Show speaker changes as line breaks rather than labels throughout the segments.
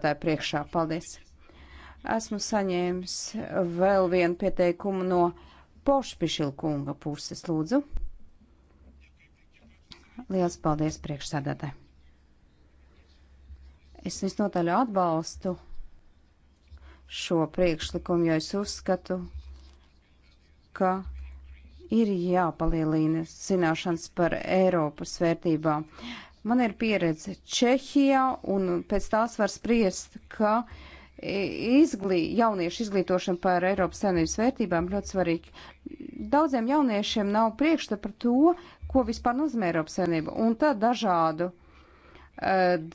tā priekšā. Paldies! Esmu saņēmis vēl vienu pieteikumu no Pošpišilkunga puses, lūdzu. Liels paldies priekšsādātē. Es visnotaļ atbalstu šo priekšlikumu, jo es uzskatu, ka ir jāpalielina zināšanas par Eiropas vērtībām. Uh, Man ir pieredze Čehijā, un pēc tās var spriest, ka izglī, jauniešu izglītošana par Eiropas saimnības vērtībām ļoti svarīga. Daudziem jauniešiem nav priekšsta par to, ko vispār nozīmē Eiropas saimnība, un tā dažādu uh,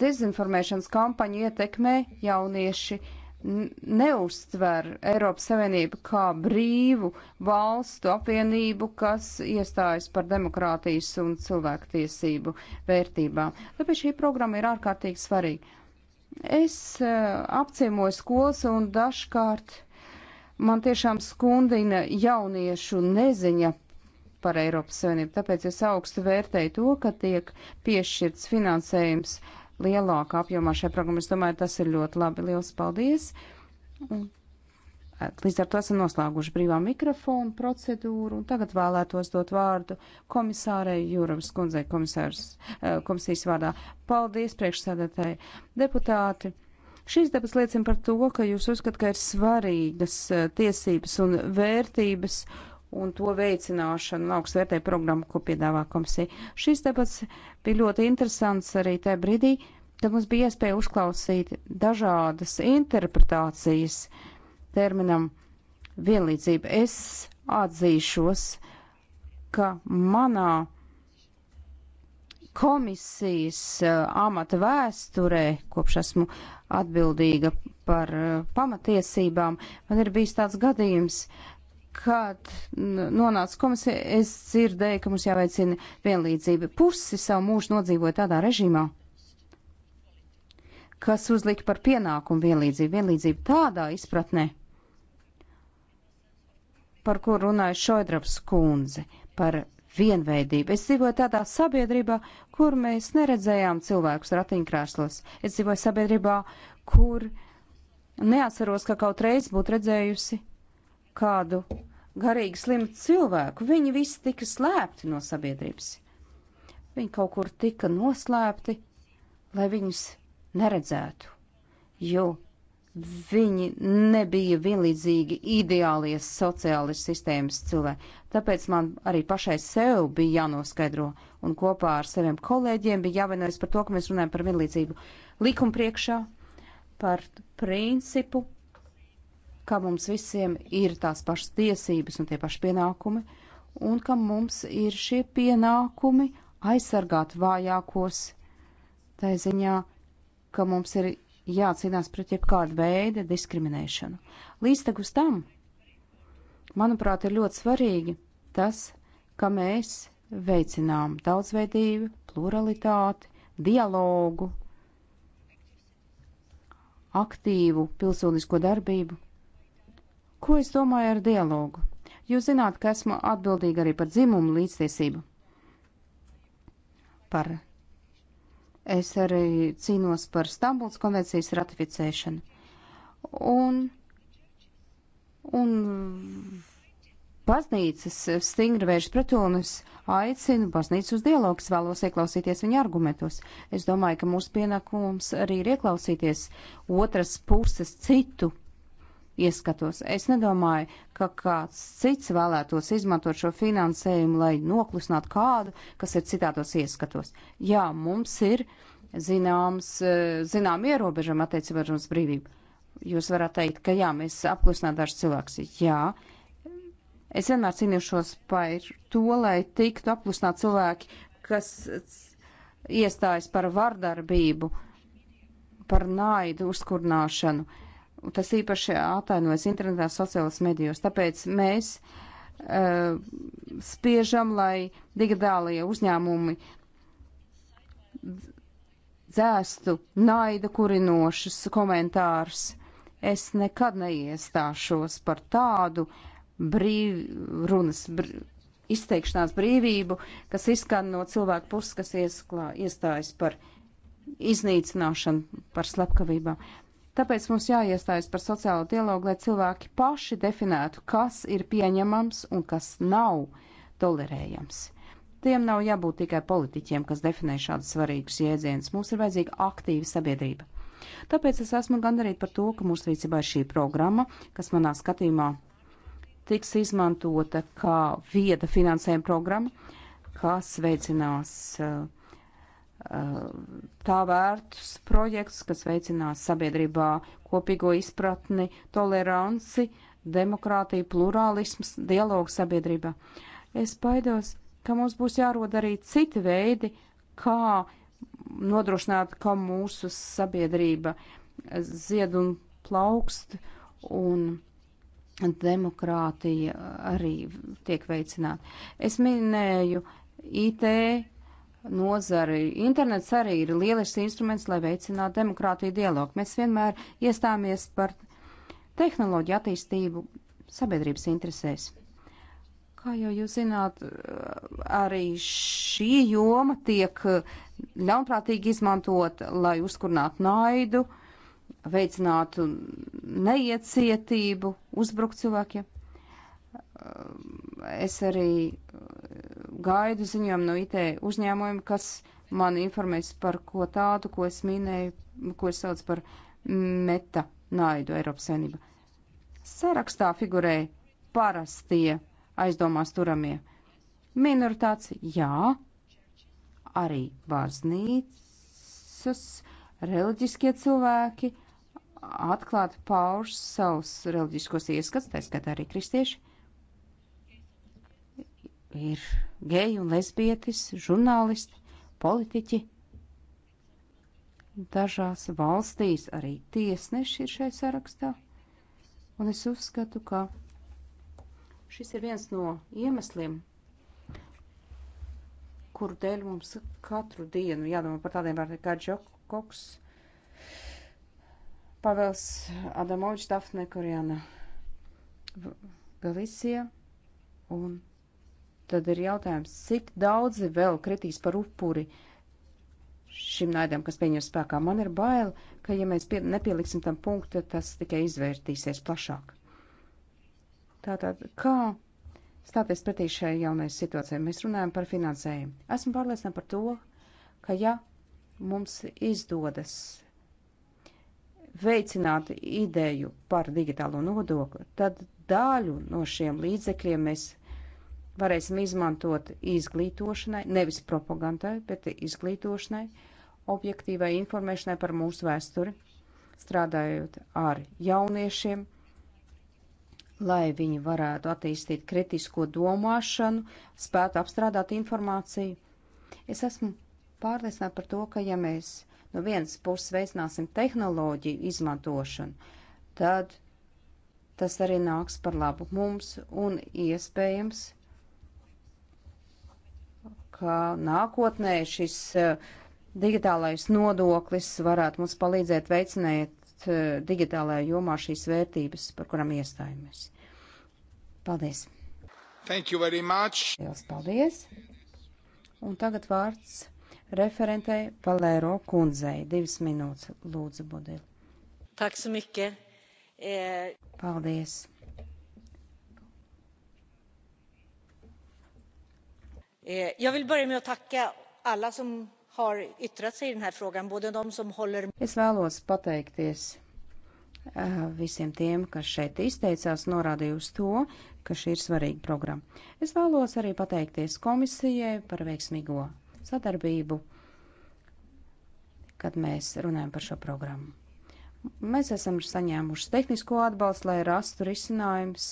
dezinformēšanas kampaņu ietekmē jaunieši uh, neuztver Eiropas Savienību kā brīvu valstu apvienību, kas iestājas par demokrātijas un cilvēktiesību vērtībām. Tāpēc šī programma ir ārkārtīgi svarīga. Es uh, apciemoju skolas un dažkārt man tiešām skundina jauniešu neziņa par Eiropas Savienību. Tāpēc es augstu vērtēju to, ka tiek piešķirts finansējums uh, lielākā apjomā šai programmai. Es domāju, tas ir ļoti labi. Liels paldies! Un e, Līdz ar to esam noslēguši brīvā mikrofonu procedūru, un tagad vēlētos dot vārdu komisārei Jūravas kundzei e, komisijas vārdā. Paldies priekšsēdētāji deputāti! Šīs debats liecina par to, ka jūs uzskat, ka ir svarīgas e, tiesības un vērtības, uh, un to veicināšanu un augstvērtēju programmu, ko piedāvā komisija. Šis debats bija ļoti interesants arī tajā brīdī, kad mums bija iespēja uzklausīt dažādas interpretācijas terminam vienlīdzība. Es atzīšos, ka manā komisijas uh, amata vēsturē, kopš esmu atbildīga par uh, pamatiesībām, man ir bijis tāds gadījums, kad nonāca komisija, es dzirdēju, ka mums jāveicina vienlīdzība. Pusi savu mūžu nodzīvoja tādā režīmā, kas uzlika par pienākumu vienlīdzību. Vienlīdzība tādā izpratnē, par kur runāja Šoidraps kundze, par vienveidību. Es dzīvoju tādā sabiedrībā, kur mēs neredzējām cilvēkus ratiņkrēslos. Es dzīvoju sabiedrībā, kur neatceros, ka kaut reiz būtu redzējusi kādu garīgi slimu cilvēku. Viņi visi tika slēpti no sabiedrības. Viņi kaut kur tika noslēpti, lai viņus neredzētu, jo viņi nebija vienlīdzīgi ideālie sociālas sistēmas cilvēki. Tāpēc man arī pašai sev bija jānoskaidro, un kopā ar saviem kolēģiem bija jāvienojas par to, ka mēs runājam par vienlīdzību likuma priekšā, par principu, ka mums visiem ir tās pašas tiesības un tie paši pienākumi, un ka mums ir šie pienākumi aizsargāt vājākos, tā ziņā, ka mums ir jācīnās pret jebkādu veidu diskriminēšanu. Līdztekus tam, manuprāt, ir ļoti svarīgi tas, ka mēs veicinām daudzveidību, pluralitāti, dialogu, aktīvu pilsonisko darbību Ko es domāju ar dialogu? Jūs zināt, ka esmu atbildīga arī par dzimumu līdztiesību. Par. Es arī cīnos par Stambuls konvencijas ratificēšanu. Un, un baznīcas stingri vērš pret un es aicinu baznīcu uz dialogu, es vēlos ieklausīties viņa argumentos. Es domāju, ka mūsu pienākums arī ir ieklausīties otras puses citu ieskatos. Es nedomāju, ka kāds cits vēlētos izmantot šo finansējumu, lai noklusinātu kādu, kas ir citādos ieskatos. Jā, mums ir zināms, eh, zinām ierobežam attiecībā uz brīvību. Jūs varat teikt, ka jā, mēs apklusinām dažus cilvēkus. Jā, es vienmēr cīnīšos par to, lai tiktu apklusināt cilvēki, kas iestājas par vardarbību, par naidu uzkurināšanu. Uh, Tas īpaši atainojas internetā, sociālajos medijos. Tāpēc mēs uh, spiežam, lai digitālajie uzņēmumi dzēstu naida kurinošus komentārus. Es nekad neiestāšos par tādu brīv, runas brīv, izteikšanās brīvību, kas izskan no cilvēku puses, kas iesklā, iestājas par iznīcināšanu, par slepkavībām. Tāpēc mums jāiestājas par sociālo dialogu, lai cilvēki paši definētu, kas ir pieņemams un kas nav tolerējams. Tiem nav jābūt tikai politiķiem, kas definē šādus svarīgus jēdzienus. Mums ir vajadzīga aktīva sabiedrība. Tāpēc es esmu gandarīta par to, ka mūsu rīcībā ir šī programma, kas manā skatījumā tiks izmantota kā vieda finansējuma programma, kas veicinās uh, tā vērtus projekts, kas veicinās sabiedrībā kopīgo izpratni, toleranci, demokrātiju, plurālismus, dialogu sabiedrībā. Es baidos, ka mums būs jārod arī citi veidi, kā nodrošināt, ka mūsu sabiedrība zied un plaukst un demokrātija arī tiek veicināta. Es minēju IT nozari. Internets arī ir lielisks instruments, lai veicinātu demokrātiju dialogu. Mēs vienmēr iestājāmies par tehnoloģiju attīstību sabiedrības interesēs. Kā jau jūs zināt, arī šī joma tiek ļaunprātīgi izmantot, lai uzkurinātu naidu, veicinātu neiecietību, uzbrukt cilvēkiem. Es arī gaidu ziņojumu no IT uzņēmumiem, kas man informēs par ko tādu, ko es minēju, ko es sauc par meta naidu Eiropas Savienība. Sarakstā figurē parastie aizdomās turamie. Minoritāts, jā, arī baznīcas, reliģiskie cilvēki atklāti pauž savus reliģiskos ieskats, tā skatā arī kristieši ir geji un lesbietis, žurnālisti, politiķi. Dažās valstīs arī tiesneši ir šai sarakstā. Un es uzskatu, ka šis ir viens no iemesliem, kuru dēļ mums katru dienu jādomā par tādiem vārdiem kā Džokoks, Pavels Adamovičs, Dafne Korjana Galicija un tad ir jautājums, cik daudzi vēl kritīs par upuri šim naidam, kas pieņem spēkā. Man ir bail, ka ja mēs pie, nepieliksim tam punktu, tas tikai izvērtīsies plašāk. Tātad, kā stāties pretī šai jaunai situācijai? Mēs runājam par finansējumu. Esmu pārliecināta par to, ka ja mums izdodas veicināt ideju par digitālo nodokli, tad daļu no šiem līdzekļiem mēs varēsim izmantot izglītošanai, nevis propagandai, bet izglītošanai, objektīvai informēšanai par mūsu vēsturi, strādājot ar jauniešiem, lai viņi varētu attīstīt kritisko domāšanu, spētu apstrādāt informāciju. Es esmu pārliecināta par to, ka ja mēs no vienas puses veicināsim tehnoloģiju izmantošanu, tad tas arī nāks par labu mums un iespējams ka nākotnē šis e, digitālais nodoklis varētu mums palīdzēt veicināt e, digitālajā jomā šīs vērtības, par kurām iestājamies. Paldies!
Thank
you very much!
Lielas paldies! Un tagad vārds referentei Valēro kundzei. Divas minūtes, lūdzu, Budil. Eh, paldies! herr eh, talman! Jag vill börja med att tacka alla som har yttrat sig i den här frågan, både de som håller. Es vēlos pateikties eh, visiem tiem, kas šeit izteicās, norādīja uz to, ka šī ir svarīga programma. Es vēlos arī pateikties komisijai par veiksmīgo sadarbību, kad mēs runājam par šo programmu. Mēs esam saņēmuši tehnisko atbalstu, lai rastu risinājums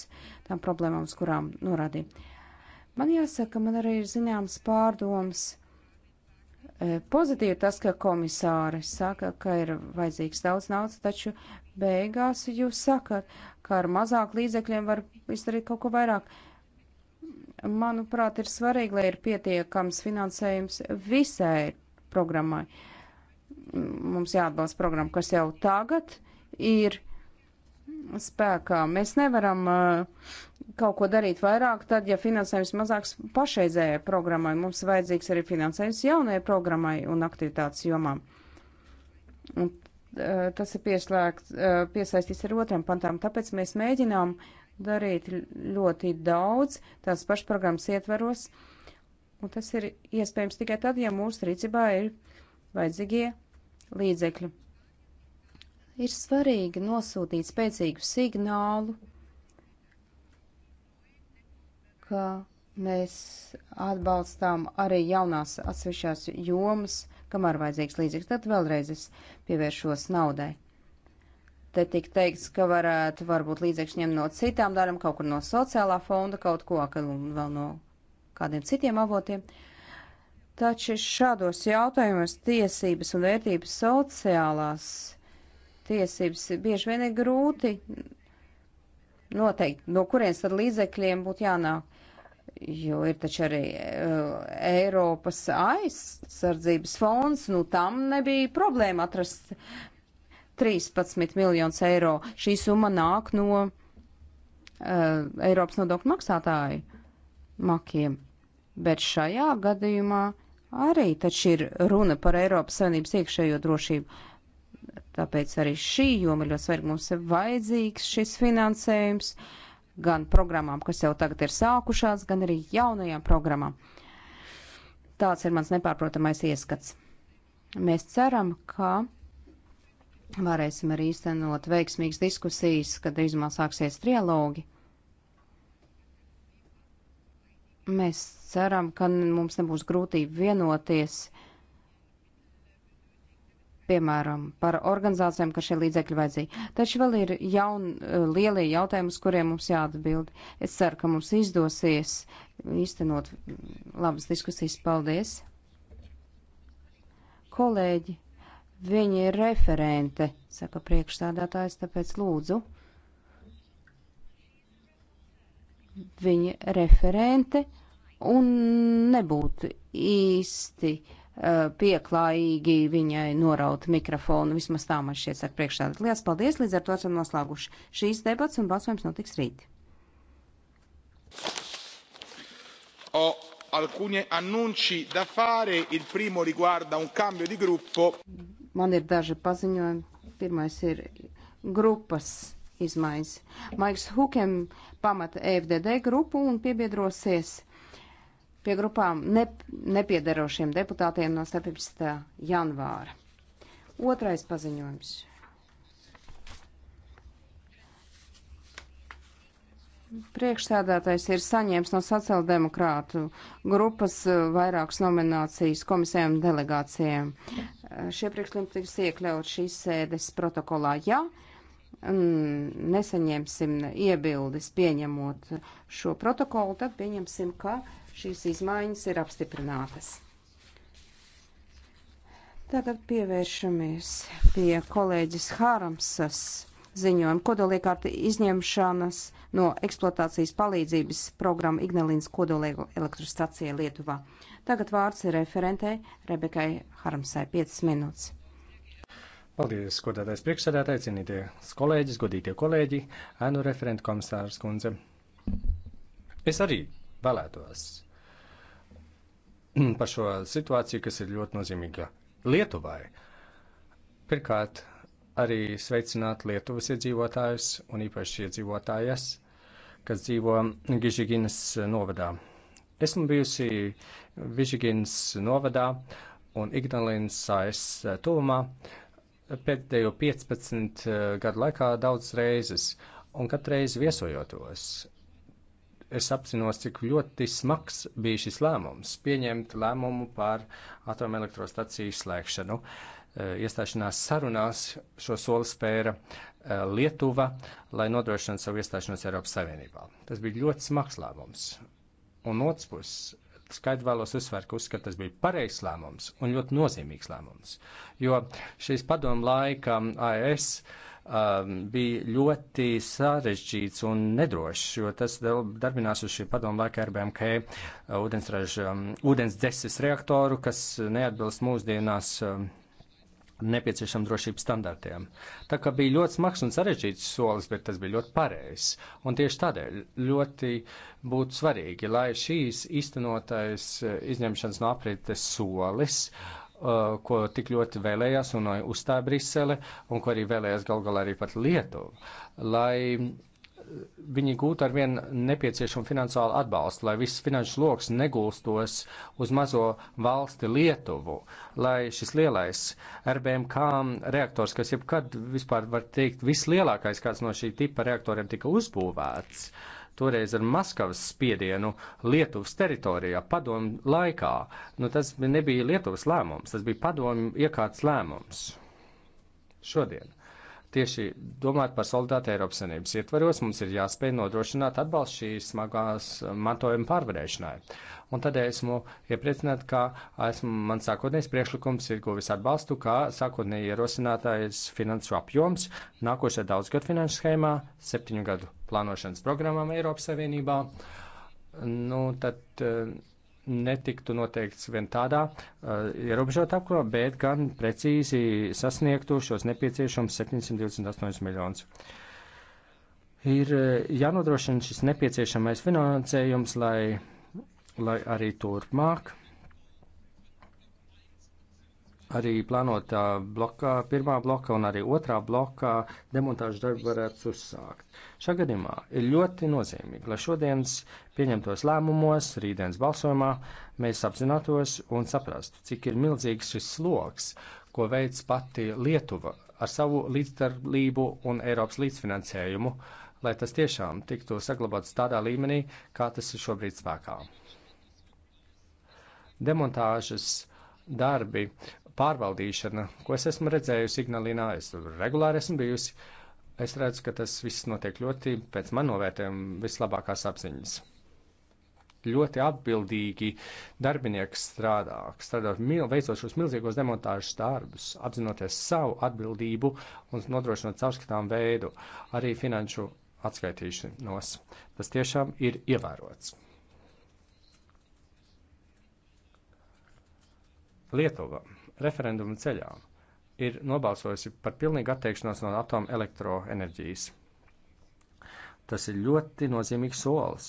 tām problēmām, uz kurām norādīja. Man jāsaka, man arī ir zināms pārdoms. E, pozitīvi tas, ka komisāri saka, ka ir vajadzīgs daudz naudas, taču beigās jūs sakat, ka ar mazāk līdzekļiem var izdarīt kaut ko vairāk. Manuprāt, ir svarīgi, lai ir pietiekams finansējums visai programmai. Mums jāatbalsta programma, kas jau tagad ir spēkā. Mēs nevaram uh, kaut ko darīt vairāk, tad, ja finansējums mazāks pašreizējai programmai, mums vajadzīgs arī finansējums jaunajai programmai un aktivitātes jomām. Un, uh, tas ir pieslēgts, uh, piesaistīts ar otram pantām, tāpēc mēs mēģinām darīt ļoti daudz tās pašas programmas ietveros, un tas ir iespējams tikai tad, ja mūsu rīcībā ir vajadzīgie līdzekļi. Ir svarīgi nosūtīt spēcīgu signālu, ka mēs atbalstām arī jaunās atsevišķās jomas, kamēr vajadzīgs līdzīgs, tad vēlreiz es pievēršos naudai. Te tik teikts, ka varētu varbūt līdzekļus ņemt no citām daļām, kaut kur no sociālā fonda, kaut ko, ka vēl no kādiem citiem avotiem. Taču šādos jautājumos tiesības un vērtības sociālās tiesības. Bieži vien ir grūti noteikt, no kurienes tad līdzekļiem būtu jānāk. Jo ir taču arī uh, Eiropas aizsardzības fonds, nu tam nebija problēma atrast 13 miljonus eiro. Šī summa nāk no uh, Eiropas nodokļu maksātāju makiem. Bet šajā gadījumā arī taču ir runa par Eiropas Savienības iekšējo drošību. Tāpēc arī šī joma ļoti svarīga. Mums ir vajadzīgs šis finansējums gan programmām, kas jau tagad ir sākušās, gan arī jaunajām programmām. Tāds ir mans nepārprotamais ieskats. Mēs ceram, ka varēsim arī īstenot veiksmīgas diskusijas, kad drīzumā sāksies trialogi. Mēs ceram, ka mums nebūs grūtība vienoties uh, piemēram, par organizācijām, ka šie līdzekļi vajadzīgi. Taču vēl ir jaun, eh, lielie jautājumi, uz kuriem mums jāatbild. Es ceru, ka mums izdosies īstenot labas diskusijas. Paldies! Kolēģi, viņa ir referente, saka priekšstādātājs, tāpēc lūdzu. Viņa referente un nebūtu īsti uh, Eh, pieklājīgi viņai noraut mikrofonu. Vismaz tā man šķiet, saka priekšsēdētāji. Lielas paldies, līdz ar to esam noslēguši šīs debats un balsojums notiks rīt. O alcuni annunci da fare, il primo riguarda un cambio di gruppo. Man ir daži paziņojumi. Pirmais ir grupas izmaiņas. Maiks Hukem pamata EFDD grupu un piebiedrosies pie grupām nep nepiedarošiem deputātiem no 17. janvāra. Otrais paziņojums. Priekšsēdētājs ir saņēmis no sociāldemokrātu grupas eh, vairākas nominācijas komisijām un delegācijām. Eh, šie priekšlikumi tiks iekļaut šīs sēdes protokolā. Ja mm, nesaņemsim iebildes pieņemot šo protokolu, tad pieņemsim, ka Šīs izmaiņas ir apstiprinātas. Tagad pievēršamies pie kolēģis Hāramsas ziņojuma kodoliekārta izņemšanas no eksploatācijas palīdzības programma Ignalīnas kodoliegu elektrostacija Lietuvā. Tagad vārds ir referentei Rebekai
Harmsai 5 minūtes. Paldies, godātais priekšsēdētāji, cienīties kolēģis, godītie kolēģi, ēnu referentu komisārs kundze. Es arī vēlētos par šo situāciju, kas ir ļoti nozīmīga Lietuvai. Pirmkārt, arī sveicināt Lietuvas iedzīvotājus un īpaši iedzīvotājas, kas dzīvo Gižiginas novadā. Esmu bijusi Vižiginas novadā un Ignalīnas sājas tuvumā pēdējo 15 gadu laikā daudz reizes, un katru reizi viesojotos Es apzinos, cik ļoti smags bija šis lēmums pieņemt lēmumu par atomelektrostaciju slēgšanu. E, iestāšanās sarunās šo soli spēra e, Lietuva, lai nodrošinātu savu iestāšanos Eiropas Savienībā. Tas bija ļoti smags lēmums. Un otrs puses skaidri vēlos uzsvērt, ka uzskatu, tas bija pareizs lēmums un ļoti nozīmīgs lēmums. Jo šīs padomu laika AS e um, bija ļoti sarežģīts un nedrošs, jo tas darbinās uz šī padomu laika RBMK uh, ūdensraža, um, ūdens dzesis reaktoru, kas neatbilst mūsdienās. Um, nepieciešamiem drošības standartiem. Tā kā bija ļoti smags un sarežģīts solis, bet tas bija ļoti pareizs. Un tieši tādēļ ļoti būtu svarīgi, lai šīs īstenotais uh, izņemšanas no aprites solis uh, ko tik ļoti vēlējās un uzstāja Brisele, un ko arī vēlējās gal galā arī pat Lietuva, lai viņi gūtu ar vien nepieciešamu finansiālu atbalstu, lai viss finanšu loks negulstos uz mazo valsti Lietuvu, lai šis lielais RBMK reaktors, kas jebkad vispār var teikt vislielākais kāds no šī tipa reaktoriem tika uzbūvēts, uh, toreiz ar Maskavas spiedienu Lietuvas teritorijā padomu laikā. Nu, tas nebija Lietuvas lēmums, tas bija padomu iekārts lēmums. Šodien. Tieši domājot par solidaritāti Eiropas Savienības ietvaros, mums ir jāspēj nodrošināt atbalstu šīs smagās mantojuma pārvarēšanai un tādēļ esmu iepriecināta, ka esmu, man sākotnējais priekšlikums ir guvis atbalstu, kā sākotnēji ierosinātājs finansu apjoms nākošajā daudzgad finanšu schēmā, septiņu gadu plānošanas programmām Eiropas Savienībā. Nu, tad eh, netiktu noteikts vien tādā uh, ierobežot apkro, bet gan precīzi sasniegtu šos nepieciešams 728 miljonus ir eh, jānodrošina šis nepieciešamais finansējums, lai lai arī turpmāk, arī plānotā blokā, pirmā bloka un arī otrā blokā demontāžu darbu varētu uzsākt. Šā gadījumā ir ļoti nozīmīgi, lai šodienas pieņemtos lēmumos, rītdienas balsojumā, mēs apzinātos un saprastu, cik ir milzīgs šis sloks, ko veids pati Lietuva ar savu līdzdarbību un Eiropas līdzfinansējumu, lai tas tiešām tiktu saglabāts tādā līmenī, kā tas ir šobrīd spēkā demontāžas darbi, pārvaldīšana, ko es esmu redzējusi Ignalinā, es regulāri esmu bijusi. Es redzu, ka tas viss notiek ļoti pēc man novērtējuma vislabākās apziņas. Ļoti atbildīgi darbinieki strādā, strādā mil, veicot šos milzīgos demontāžas darbus, apzinoties savu atbildību un nodrošinot caurskatām veidu arī finanšu atskaitīšanos. Tas tiešām ir ievērots. Lietuva referendumu ceļā ir nobalsojusi par pilnīgu atteikšanos no atomu elektroenerģijas. Tas ir ļoti nozīmīgs solis,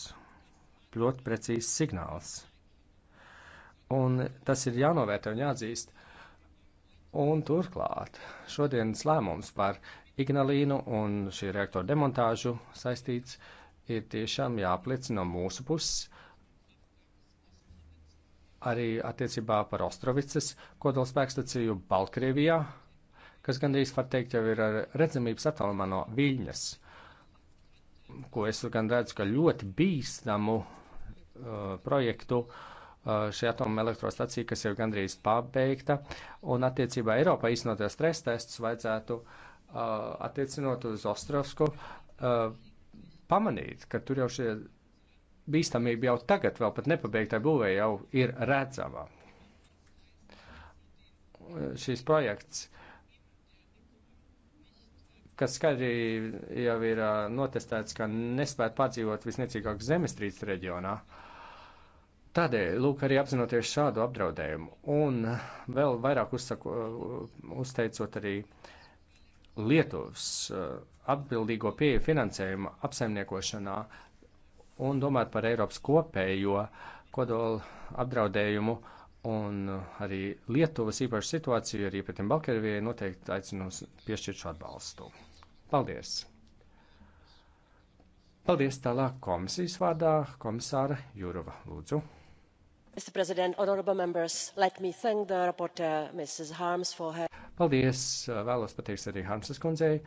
ļoti precīzs signāls. Un tas ir jānovērtē un jāatzīst. Un turklāt šodienas lēmums par Ignalīnu un šī reaktora demontāžu saistīts ir tiešām jāapliecina no mūsu puses, arī attiecībā par Ostrovicas kodolspēkstaciju Baltkrievijā, kas gandrīz var teikt jau ir ar redzamības attālumā no Viļņas, ko es gan redzu, ka ļoti bīstamu uh, projektu uh, šī atoma elektrostacija, kas jau gandrīz pabeigta, un attiecībā Eiropā iznoties stres testus vajadzētu uh, attiecinot uz Ostrovsku uh, pamanīt, ka tur jau šie bīstamība jau tagad, vēl pat nepabeigtā būvē, jau ir redzama. Šis projekts, kas skaidri jau ir notestēts, ka nespētu pārdzīvot visniecīgāk zemestrīces reģionā, Tādēļ, lūk, arī apzinoties šādu apdraudējumu un vēl vairāk uzsaku, uzteicot arī Lietuvas atbildīgo pieeju finansējuma apsaimniekošanā, un domāt par Eiropas kopējo kodolu apdraudējumu un arī Lietuvas īpašu situāciju, arī pēc tam Balkaravijai noteikti aicinu piešķirt šo atbalstu. Paldies! Paldies tālāk komisijas vārdā komisāra Jurova Lūdzu
mr president honourable members let me thank the rapporteur
mrs harms for her. paldies vēlos pateikties arī harmsas kundzei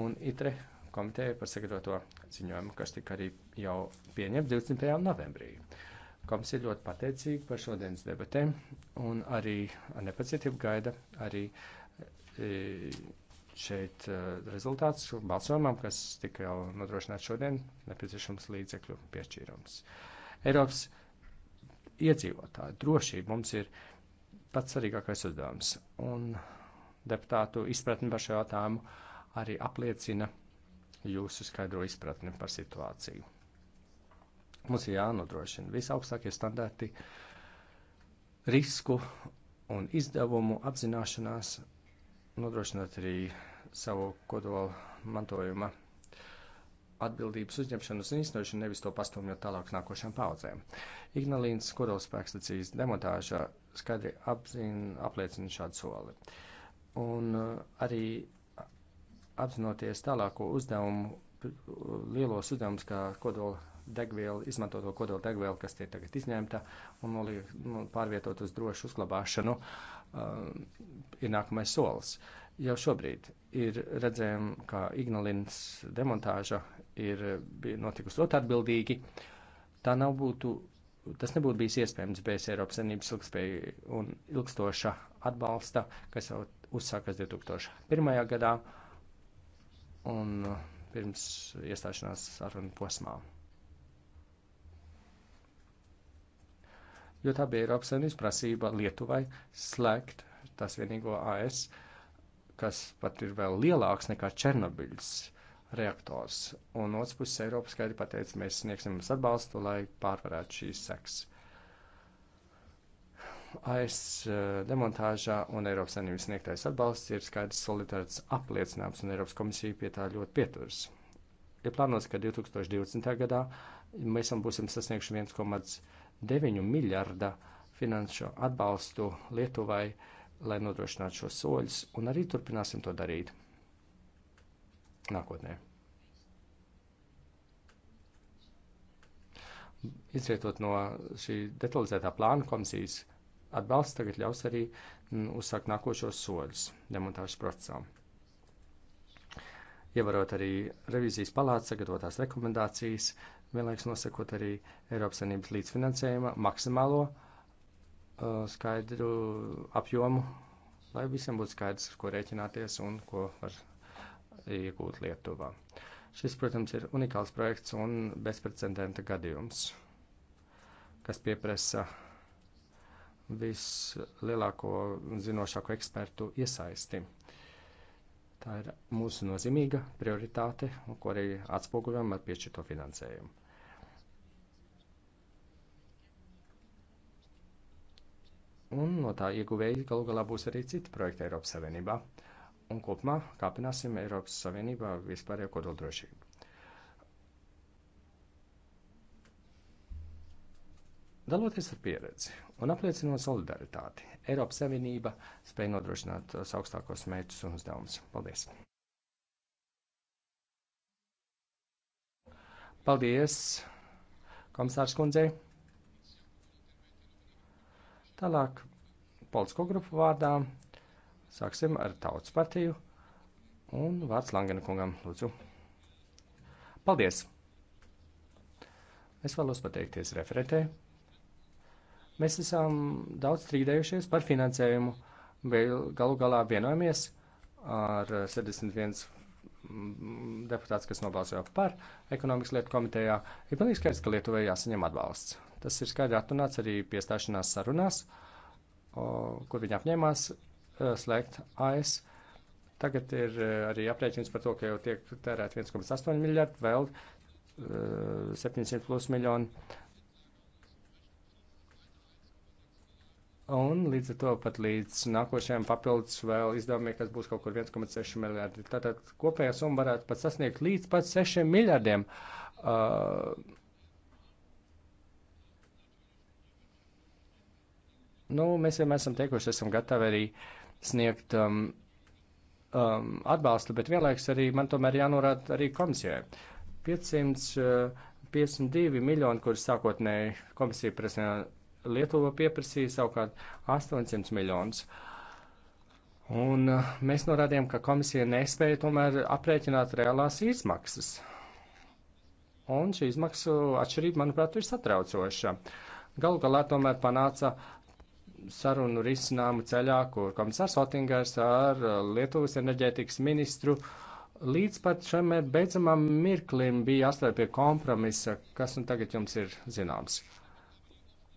un itre komiteja par sagatavoto ziņojumu, kas tika arī jau pieņemts 20. novembrī. Komisija ļoti pateicīga par šodienas debatēm un arī ar nepacietību gaida arī e, šeit e, rezultāts balsojumam, kas tika jau nodrošināts šodien, nepieciešams līdzekļu piešķīrums. Eiropas iedzīvotāju drošība mums ir pats svarīgākais uzdevums, un deputātu izpratni par šo jautājumu arī apliecina jūsu skaidro izpratni par situāciju. Mums ir jānodrošina visaugstākie standarti risku un izdevumu apzināšanās, nodrošinot arī savu kodolu mantojuma atbildības uzņemšanas un iznošanu, nevis to pastumjot tālāk nākošām paudzēm. Ignalīnas kodolspēkstacijas demontāža skaidri apzin, apliecina šādu soli. Un uh, arī apzinoties tālāko uzdevumu, lielos uzdevumus, kā kodola degvielu, izmantoto kodola degvielu, kas tiek tagad izņemta un noliek, nu, pārvietot uz drošu uzglabāšanu, uh, ir nākamais solis. Jau šobrīd ir redzējām, ka Ignalins demontāža ir notikusi ļoti atbildīgi. Tā nav būtu, tas nebūtu bijis iespējams bez Eiropas Savienības ilgspēja un ilgstoša atbalsta, kas jau uzsākas 2001. gadā. Uh, un uh, pirms iestāšanās sarunu posmā. Jo tā bija Eiropas Savienības prasība Lietuvai slēgt tās vienīgo AS, kas pat ir vēl lielāks nekā Černobiļs reaktors. Un otrs puses Eiropas skaidri pateica, mēs sniegsim jums atbalstu, lai pārvarētu šīs seks. AS eh, demontāžā un Eiropas Savienības sniegtais atbalsts ir skaidrs solidaritātes apliecinājums, un Eiropas komisija pie tā ļoti pieturas. Ir plānots, ka 2020. gadā mēs būsim sasnieguši 1,9 miljarda finanšu atbalstu Lietuvai, lai nodrošinātu šos soļus, un arī turpināsim to darīt nākotnē. Izrietot no šī detalizētā plāna komisijas atbalsts tagad ļaus arī mm, uzsākt nākošos soļus demontāžas procesā. Ievarot arī revizijas palātas sagatavotās rekomendācijas, vienlaiks nosakot arī Eiropas Savienības līdzfinansējuma maksimālo uh, skaidru apjomu, lai visiem būtu skaidrs, ko rēķināties un ko var iegūt Lietuvā. Šis, protams, ir unikāls projekts un bezprecedenta gadījums, kas pieprasa uh, vislielāko zinošāko ekspertu iesaisti. Tā ir mūsu nozīmīga prioritāte, ko arī atspoguļojam ar piešķirto finansējumu. Un no tā ieguvēji galu galā būs arī citi projekti Eiropas Savienībā. Un kopumā kāpināsim Eiropas Savienībā vispārējo kodoldrošību. Daloties ar pieredzi un apliecinot solidaritāti, Eiropas Savienība spēja nodrošināt tos uh, augstākos mērķus un uzdevumus. Paldies! Paldies, komisārs kundzei! Tālāk, politisko grupu vārdā, sāksim ar tautas partiju un vārds Langena kungam, lūdzu. Paldies! Es vēlos pateikties referentē Mēs esam daudz strīdējušies par finansējumu, bet galu galā vienojamies ar 71 deputāts, kas nobalsoja par ekonomikas lietu komitejā, ir pilnīgi skaidrs, ka Lietuvai jāsaņem atbalsts. Tas ir skaidri atrunāts arī piestāšanās sarunās, kur viņi apņēmās e, slēgt AS. Tagad ir e, arī aprēķins par to, ka jau tiek tērēt 1,8 miljardi, vēl 700 e, plus miljoni Un līdz ar to pat līdz nākošajam papildus vēl izdevumiem, kas būs kaut kur 1,6 miljardi. Tātad kopējā summa varētu pat sasniegt līdz pat 6 miljardiem. Uh, nu, mēs vienmēr esam teikuši, esam gatavi arī sniegt um, um, atbalstu, bet vienlaiks arī man tomēr jānorāda arī komisijai. 552 uh, miljoni, kurus sākotnēji komisija presnēja Lietuva pieprasīja savukārt 800 miljonus. Un uh, mēs norādījām, ka komisija nespēja tomēr aprēķināt reālās izmaksas. Un šī izmaksu atšķirība, manuprāt, ir satraucoša. Galu galā tomēr panāca sarunu risinājumu ceļā, kur komisārs Otingers ar uh, Lietuvas enerģētikas ministru līdz pat šim beidzamam mirklim bija jāstāv pie kompromisa, kas nu tagad jums ir zināms.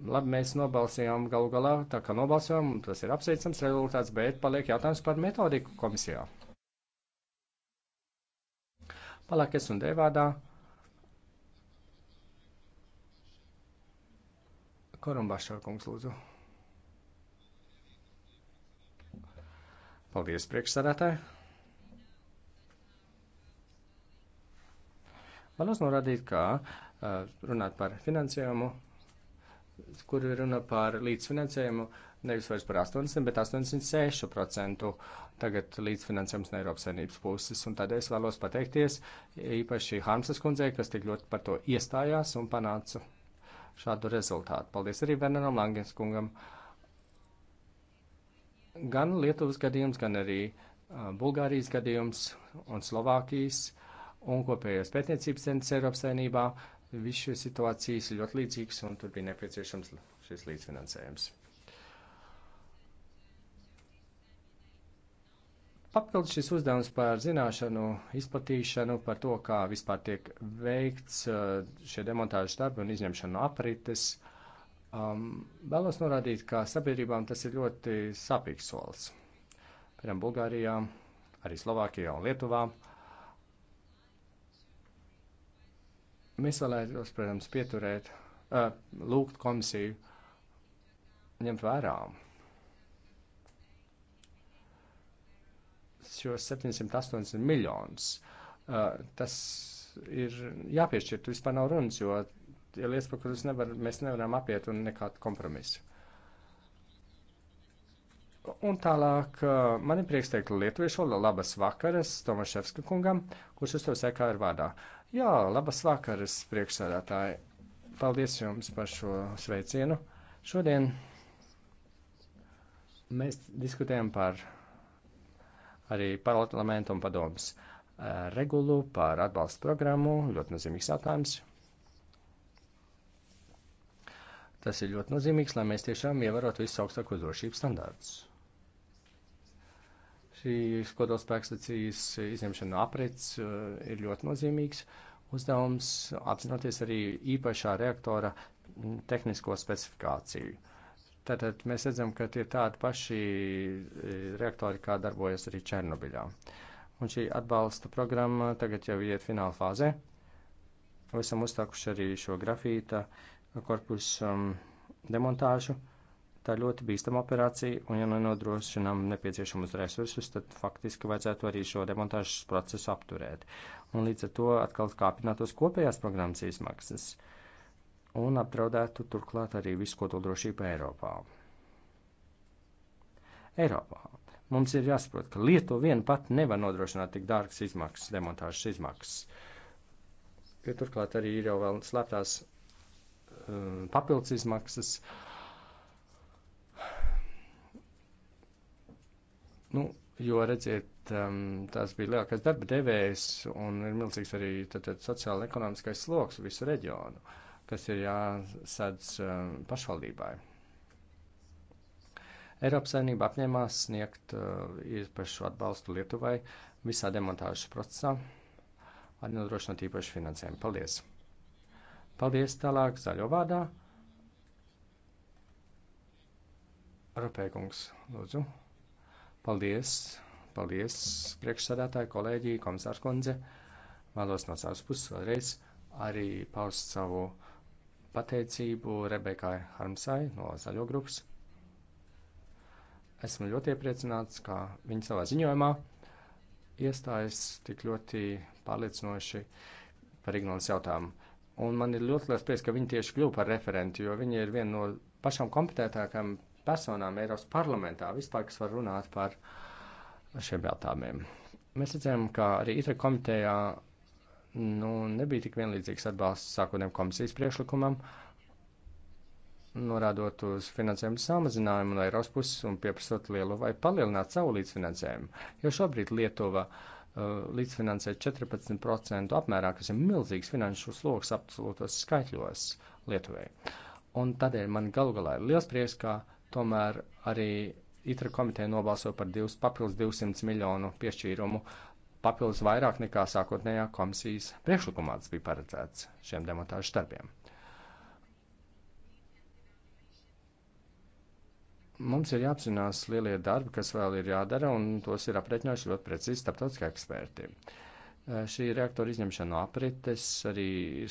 Labi, mēs nobalsījām galu galā, tā kā nobalsojām, tas ir apsveicams rezultāts, bet paliek jautājums par metodiku komisijā. Paliek es un devādā. Korumbašā kungs lūdzu. Paldies, priekšsādātāji. Vēlos norādīt, ka runāt par finansējumu kur ir runa par līdzfinansējumu nevis vairs par 80, bet 86% tagad līdzfinansējums no Eiropas Savienības puses. Un tādēļ es vēlos pateikties īpaši Harmsas kundzei, kas tik ļoti par to iestājās un panāca šādu rezultātu. Paldies arī Vernanam Langens kungam. Gan Lietuvas gadījums, gan arī Bulgārijas gadījums un Slovākijas un kopējais pētniecības centrs Eiropas Savienībā Viss šīs situācijas ir ļoti līdzīgas, un tur bija nepieciešams šis līdzfinansējums. Papildus šis uzdevums par zināšanu izplatīšanu, par to, kā vispār tiek veikts uh, šie demontāžas darbi un izņemšana no aprites, um, vēlos norādīt, ka sabiedrībām tas ir ļoti sāpīgs solis. Piemēram, Bulgārijā, arī Slovākijā un Lietuvā uh, Mēs vēlētos, protams, pieturēt, uh, lūgt komisiju ņemt vērā šos 780 miljonus. Uh, tas ir jāpiešķir, tu vispār nav runas, jo ir lietas, par kuras nevar, mēs nevaram apiet un nekādu kompromisu. Un tālāk, uh, man ir prieks teikt lietuviešu labas vakaras Tomaševska kungam, kurš uzstāv sekā ar vārdā. Jā, labas vakaras, priekšsādātāji. Paldies jums par šo sveicienu. Šodien mēs diskutējam par arī parlamentu un padomus eh, regulu par atbalstu programmu. Ļoti nozīmīgs jautājums. Tas ir ļoti nozīmīgs, lai mēs tiešām ievarotu visus augstākos drošības standārdus šīs kodolspēkstacijas izņemšana no aprits eh, ir ļoti nozīmīgs uzdevums, apzinoties arī īpašā reaktora tehnisko specifikāciju. Tātad mēs redzam, ka tie tādi paši eh, reaktori, kā darbojas arī Černobiļā. Un šī atbalsta programma tagad jau iet fināla fāzē. Esam uzstākuši arī šo grafīta eh, korpusu um, demontāžu. Uh, Tā ir ļoti bīstama operācija, un ja nenodrošinām nepieciešamus resursus, tad faktiski vajadzētu arī šo demontāžas procesu apturēt. Un līdz ar to atkal kāpinātos kopējās programmas izmaksas un apdraudētu turklāt arī visu kodoldrošību Eiropā. Eiropā mums ir jāsaprot, ka Lietuva vien pat nevar nodrošināt tik dārgas izmaksas, demontāžas izmaksas. Jo turklāt arī ir jau vēl slēptās um, papildus izmaksas. Uh, Nu, jo, redziet, um, tās bija lielākais darba devējs un ir milzīgs arī sociāla ekonomiskais sloks visu reģionu, kas ir jāsadz um, pašvaldībai. Eiropas Savienība apņēmās sniegt uh, īpašu atbalstu Lietuvai visā demontāžas procesā, arī nodrošinot īpašu finansējumu. Paldies! Paldies tālāk zaļo vārdā! Rupēkungs, lūdzu. Paldies, paldies, priekšsādātāji, kolēģi, komisārs kundze. Vēlos no savas puses vēlreiz arī paust savu pateicību Rebekai Harmsai no Zaļo grupas. Esmu ļoti iepriecināts, ka viņa savā ziņojumā iestājas tik ļoti pārliecinoši par ignorances jautājumu. Un man ir ļoti liels prieks, ka viņi tieši kļuva par referenti, jo viņi ir viena no pašām kompetentākajām personām Eiropas parlamentā vispār, kas var runāt par šiem jautājumiem. Mēs redzējām, ka arī ITRA komitejā nu, nebija tik vienlīdzīgs atbalsts sākotnēm komisijas priekšlikumam, norādot uz finansējumu samazinājumu no Eiropas puses un pieprasot lielu vai palielināt savu līdzfinansējumu. Jo šobrīd Lietuva uh, līdzfinansē 14% apmērā, kas ir milzīgs finanšu sloks absolūtos skaitļos Lietuvai. Un tādēļ man galu galā ir liels prieks, ka uh, Tomēr arī ITRA komiteja nobalsoja par divus, papildus 200 miljonu piešķīrumu, papildus vairāk nekā sākotnējā komisijas priekšlikumā tas bija paredzēts šiem demontāžu darbiem. Mums ir jāapzinās lielie darbi, kas vēl ir jādara, un tos ir aprēķinājuši ļoti precīzi starptautiskā eksperti. Uh, Eh, šī reaktora izņemšana no aprites arī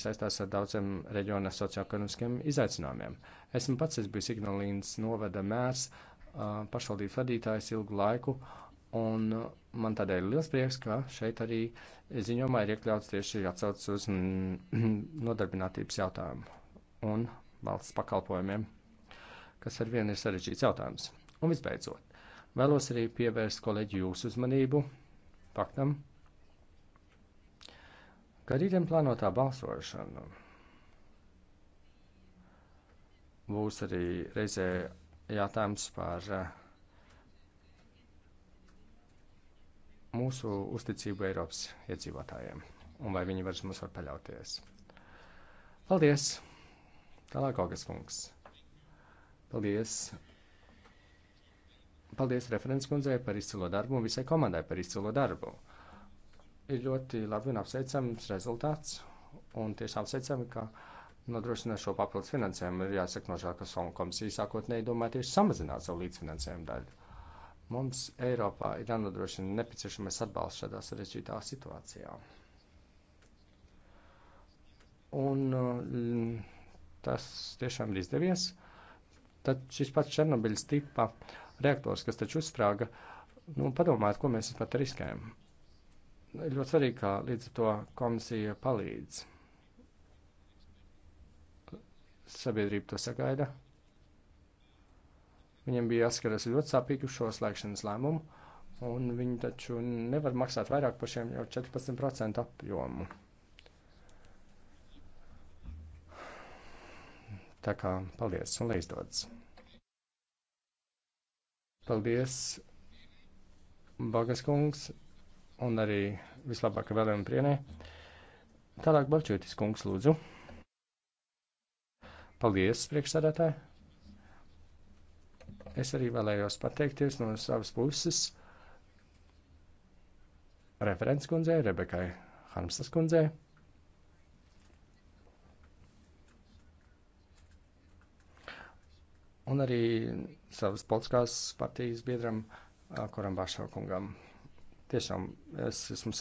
saistās ar daudziem reģiona socioekonomiskiem izaicinājumiem. Esmu pats es bijis Ignalīnas novada mērs, eh, pašvaldības vadītājs ilgu laiku, un man tādēļ ir liels prieks, ka šeit arī ziņojumā ir iekļauts tieši atsaucas uz nodarbinātības jautājumu un valsts pakalpojumiem, kas ar vienu ir sarežģīts jautājums. Un visbeidzot, vēlos arī pievērst kolēģi jūsu uzmanību faktam, ka rītdien plānotā balsošana būs arī reizē jautājums par eh, mūsu uzticību Eiropas iedzīvotājiem un vai viņi vairs mums var paļauties. Paldies! Tālāk augas kungs. Paldies! Paldies referents kundzei par izcilo darbu un visai komandai par izcilo darbu ir ļoti labi un apsveicams rezultāts, un tiešām apsveicami, ka nodrošina šo papildus finansējumu. Ir jāsaka, nožēl, ka Somu komisija sākotnēji domāja tieši samazināt savu līdzfinansējumu daļu. Mums Eiropā ir jānodrošina nepieciešamais atbalsts šādā sarežģītā situācijā. Un mm, tas tiešām ir izdevies. Tad šis pats Černobiļas tipa reaktors, kas taču uzsprāga, nu, padomājiet, ko mēs pat riskējam. Nu, ir ļoti svarīgi, kā līdz ar to komisija palīdz. Sabiedrība to sagaida. Viņiem bija jāskaras ļoti sāpīgi uz šo slēgšanas lēmumu, un viņi taču nevar maksāt vairāk par šiem jau 14% apjomu. Tā kā paldies un lai izdodas. Paldies, Bagas kungs un arī vislabāka vēlējuma prienē. Tālāk Balčūtis kungs lūdzu. Paldies, priekšsādātāji. Es arī vēlējos pateikties no savas puses referents kundzei, Rebekai Harmsas kundzei. Un arī savas politiskās partijas biedram Koram Bašaukungam. Tiešām es esmu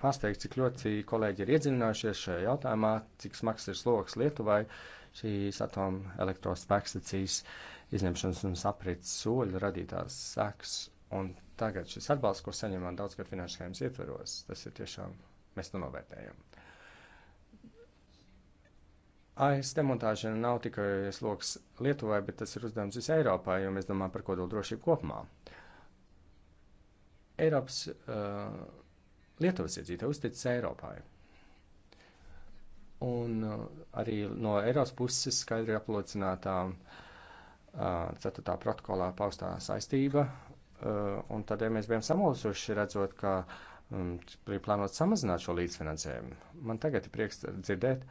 pārsteigts, cik ļoti kolēģi ir iedziļinājušies šajā jautājumā, cik smags ir sloks Lietuvai šīs atomu elektrospēkstacijas izņemšanas un aprits soļu radītās seks. Un tagad šis atbalsts, ko saņemam daudzgad finanšējums ietveros, tas ir tiešām, mēs to nu novērtējam. AS demontāža nav tikai sloks Lietuvai, bet tas ir uzdevums visai Eiropai, jo mēs domājam par kodolu drošību kopumā. Uh, Eiropas uh, Lietuvas iedzītāji uzticas Eiropai. Un uh, arī no Eiropas puses skaidri aplocinātā uh, 4. protokolā paustā saistība. Uh, un tad, ja mēs bijām samulsuši, redzot, ka um, bija plānot samazināt šo līdzfinansējumu, man tagad ir prieks dzirdēt,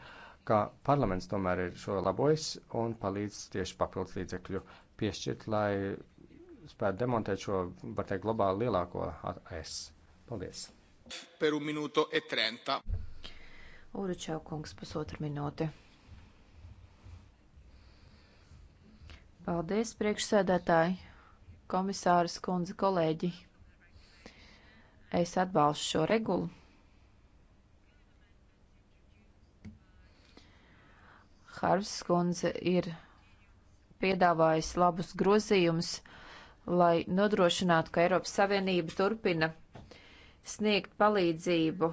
ka parlaments tomēr ir šo labojis un palīdz tieši papildus līdzekļu piešķirt, lai spētu demontēt šo, var teikt, globāli lielāko AS. Paldies! Per un minūto e trenta.
Uručev kungs, pusotru minūti. Paldies, priekšsēdētāji, komisāras kundze, kolēģi. Es atbalstu šo regulu. Harvs kundze ir piedāvājis labus grozījumus lai nodrošinātu, ka Eiropas Savienība turpina sniegt palīdzību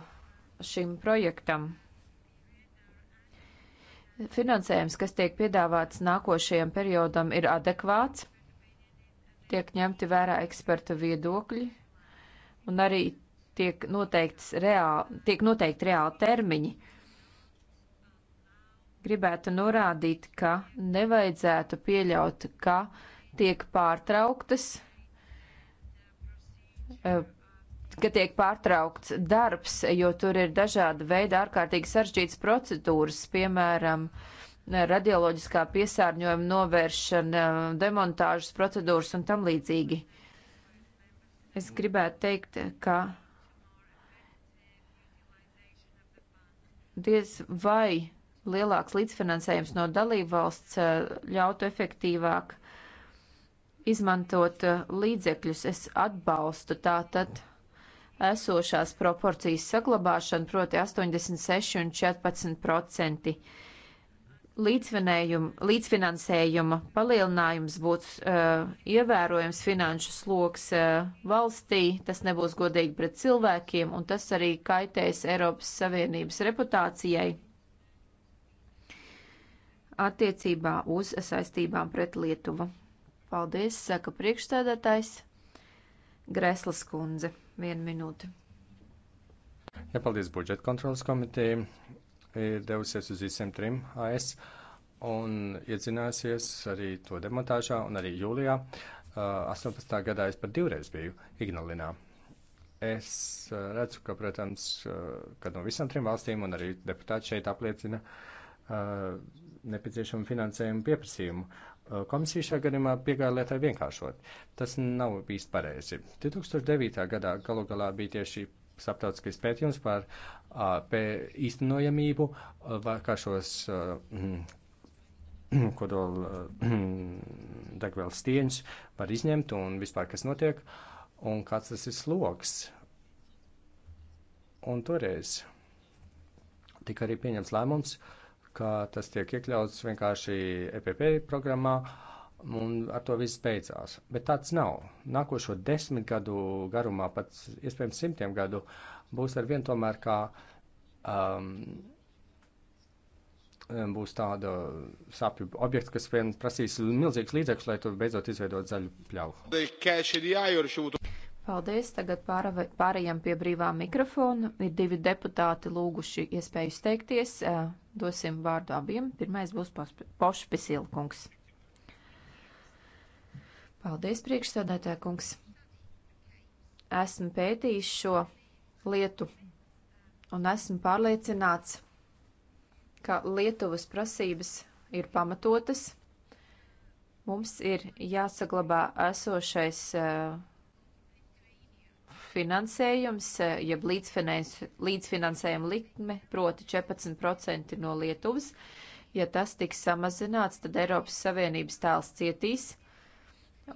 šim projektam. Finansējums, kas tiek piedāvāts nākošajam periodam, ir adekvāts, tiek ņemti vērā eksperta viedokļi un arī tiek, reāli, tiek noteikti reāli termiņi. Gribētu norādīt, ka nevajadzētu pieļaut, ka uh, tiek pārtrauktas, eh, ka tiek pārtraukts darbs, jo tur ir dažāda veida ārkārtīgi sarežģītas procedūras, piemēram, radioloģiskā piesārņojuma novēršana, demontāžas procedūras un tam līdzīgi. Es gribētu teikt, ka diez vai lielāks līdzfinansējums no dalībvalsts eh, ļautu efektīvāk uh, izmantot eh, līdzekļus. Es atbalstu tātad esošās proporcijas saglabāšanu, proti 86 un 14 procenti. Līdzfinansējuma palielinājums būs uh, ievērojams finanšu sloks uh, valstī, tas nebūs godīgi pret cilvēkiem, un tas arī kaitēs Eiropas Savienības reputācijai attiecībā uz saistībām pret Lietuvu. Paldies, saka priekšstādātājs Greslas kundze. Vienu minūti.
Jā, paldies budžeta kontrolas komiteja. Ir devusies uz visiem trim AS un iedzināsies arī to demontāžā un arī jūlijā. Uh, 18. gadā es pat divreiz biju Ignalinā. Es uh, redzu, ka, protams, uh, ka no visām trim valstīm un arī deputāti šeit apliecina uh, nepieciešamu finansējumu pieprasījumu. Komisija šajā gadījumā piegāja lietai vienkāršot. Tas nav bijis pareizi. 2009. gadā galu galā bija tieši starptautiskais pētījums par a, pē, īstenojamību vārkāršos mm, kodola mm, degvielas stieņus var izņemt un vispār kas notiek un kāds tas ir sloks. Un toreiz tika arī pieņems lēmums, uh, ka tas tiek iekļauts vienkārši EPP programmā, un ar to viss beidzās. Bet tāds nav. Nākošo desmit gadu garumā, pat iespējams simtiem gadu, būs ar vien tomēr kā um, um būs tāda sapju objekta, kas vien prasīs milzīgs līdzekļus, lai tur beidzot izveidot zaļu pļauju.
Paldies. Tagad pārējām pie brīvā mikrofona. Ir divi deputāti lūguši iespēju izteikties. Dosim vārdu abiem. Pirmais būs Pošs Pisilkungs. Paldies, priekšsēdētāja kungs. Esmu pētījis šo lietu un esmu pārliecināts, ka Lietuvas prasības ir pamatotas. Mums ir jāsaglabā esošais uh, finansējums, eh, jeb līdzfinansējuma likme, proti 14% no Lietuvas. Ja tas tiks samazināts, tad Eiropas Savienības tēls cietīs.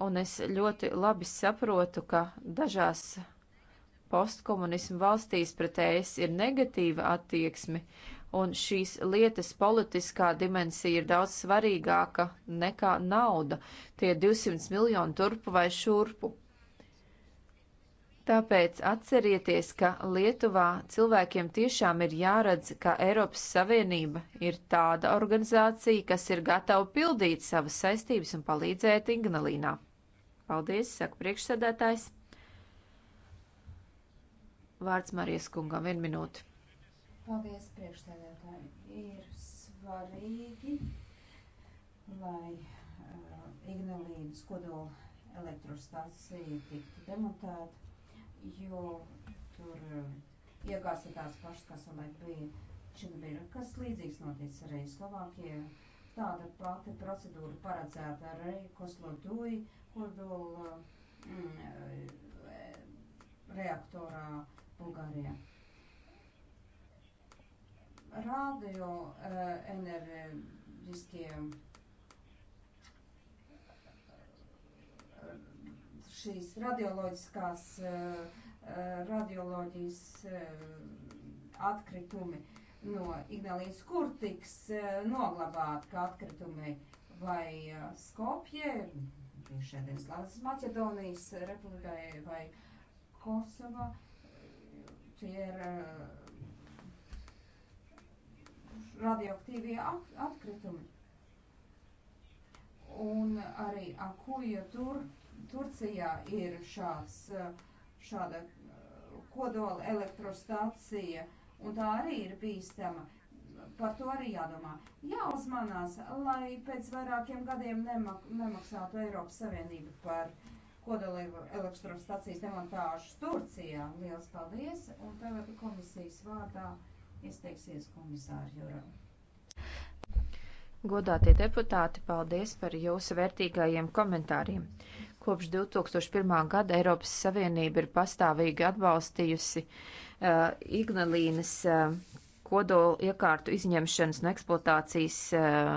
Un es ļoti labi saprotu, ka dažās postkomunismu valstīs pret ES ir negatīva attieksme, un šīs lietas politiskā dimensija ir daudz svarīgāka nekā nauda - tie 200 miljoni turpu vai šurpu. Tāpēc atcerieties, ka Lietuvā cilvēkiem tiešām ir jāredz, ka Eiropas Savienība ir tāda organizācija, kas ir gatava pildīt savas saistības un palīdzēt Ignalīnā. Paldies, saka priekšsēdētājs. Vārds Marijas kungam, vienu minūti.
Paldies, priekšsēdētāji. Ir svarīgi, lai uh, Ignalīnas kodola elektrostācija tiktu demontēta jo tur eh, iegāsa tās pašas, kas vēlēt bija Čilbira, kas līdzīgs notiek arī Slovākijā. Tāda pati procedūra paredzēta arī Kosloduji kodola eh, mm, eh, reaktorā Bulgārijā. Radio enerģiskie šīs radioloģiskās, eh, eh, radioloģijas eh, atkritumi no Ignalīnas, kur tiks noglabāti kā atkritumi vai Skopje, šodienas Latvijas Maķedonijas republikai vai Kosova. Tie ir radioaktīvie atkritumi. Un arī akuja tur Turcijā ir šās, šāda kodola elektrostācija, un tā arī ir bīstama. Par to arī jādomā. Jāuzmanās, lai pēc vairākiem gadiem nemak nemaksātu Eiropas Savienība par kodola elektrostacijas demontāžu Turcijā. Lielas paldies, un tagad komisijas vārdā izteiksies komisāri Jurā.
Godātie deputāti, paldies par jūsu vērtīgajiem komentāriem. Uh, Kopš 2001. gada Eiropas Savienība ir pastāvīgi atbalstījusi uh, Ignalīnas uh, kodola iekārtu izņemšanas un eksploatācijas uh,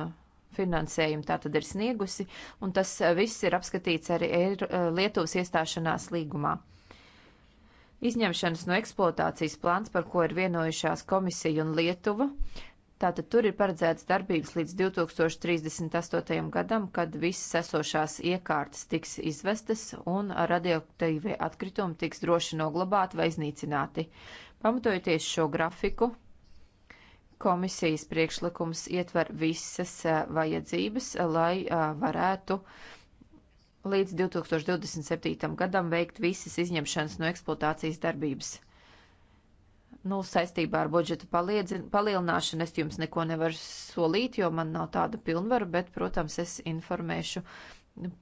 finansējumu tā tad ir sniegusi, un tas uh, viss ir apskatīts arī uh, Lietuvas iestāšanās līgumā. Izņemšanas no eksploatācijas plāns, par ko ir vienojušās komisija un Lietuva, Tātad tur ir paredzēts darbības līdz 2038. gadam, kad visas esošās iekārtas tiks izvestas un radioaktīvie atkritumi tiks droši noglabāti vai iznīcināti. Pamatojoties šo grafiku, komisijas priekšlikums ietver visas vajadzības, lai varētu līdz 2027. gadam veikt visas izņemšanas no eksploatācijas darbības. Nu, saistībā ar budžeta palielināšanu es jums neko nevaru solīt, jo man nav tāda pilnvaru, bet, protams, es informēšu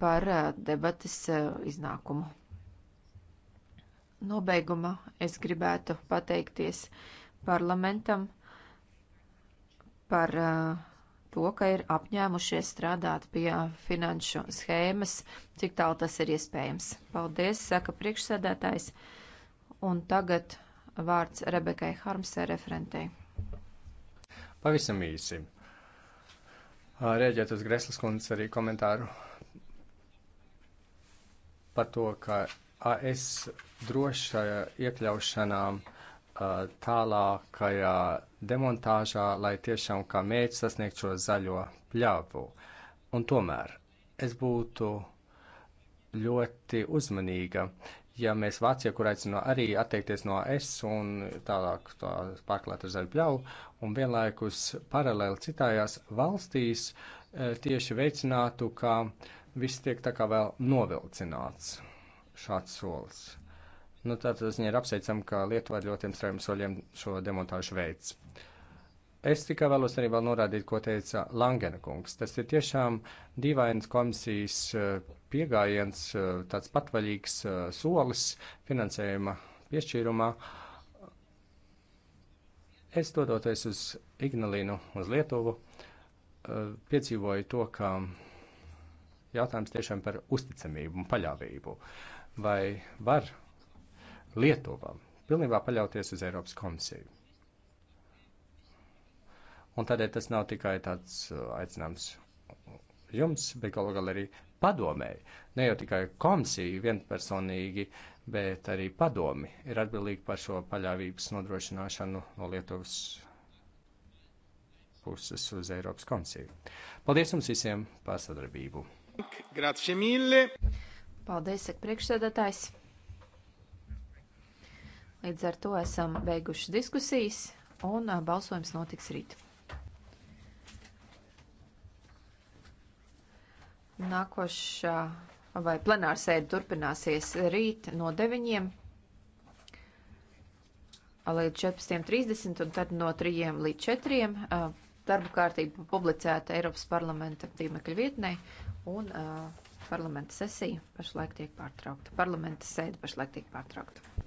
par eh, debatas eh, iznākumu. Nobeigumā es gribētu pateikties parlamentam par eh, to, ka ir apņēmušies strādāt pie finanšu schēmas, cik tālu tas ir iespējams. Paldies, saka priekšsēdētājs. Un tagad vārds Rebekai Harmsē referentei.
Pavisam īsi. Rēģēt uz Greslas kundzes arī komentāru par to, ka AS droša iekļaušanā tālākajā demontāžā, lai tiešām kā mērķis sasniegt šo zaļo pļāvu. Un tomēr es būtu ļoti uzmanīga, ja mēs Vācija, kur aicino arī atteikties no es un tālāk tā pārklāt ar zaļu pļauju, un vienlaikus paralēli citājās valstīs eh, tieši veicinātu, ka viss tiek tā kā vēl novilcināts šāds solis. Nu, tātad ziņā ir apsveicam, ka Lietuva ļoti strēm soļiem šo demontāžu veids. Es tikai vēlos arī vēl norādīt, ko teica Langena kungs. Tas ir tiešām dīvains komisijas eh, pieejams, eh, tāds patvaļīgs eh, solis finansējuma piešķīrumā. Es dodoties uz Ignalīnu, uz Lietuvu, piedzīvoju to, ka jautājums tiešām par uzticamību un paļāvību. Vai var Lietuva pilnībā paļauties uz Eiropas komisiju? Un tādēļ tas nav tikai tāds uh, aicinājums jums, bet galu galā arī padomēji. Ne jau tikai komisija vienpersonīgi, bet arī padomi ir atbildīgi par šo paļāvības nodrošināšanu no Lietuvas puses uz Eiropas komisiju. Paldies jums visiem par sadarbību! Grazie mille!
Paldies, saka priekšsēdētājs! Līdz ar to esam beiguši diskusijas, un uh, balsojums notiks rīt. Nākošā vai plenāra sēde turpināsies rīt no 9 līdz 14.30 un tad no 3 līdz 4. Darba kārtība publicēta Eiropas parlamenta tīmekļa vietnē un parlamenta sesija pašlaik tiek pārtraukta. Parlamenta sēde pašlaik tiek pārtraukta.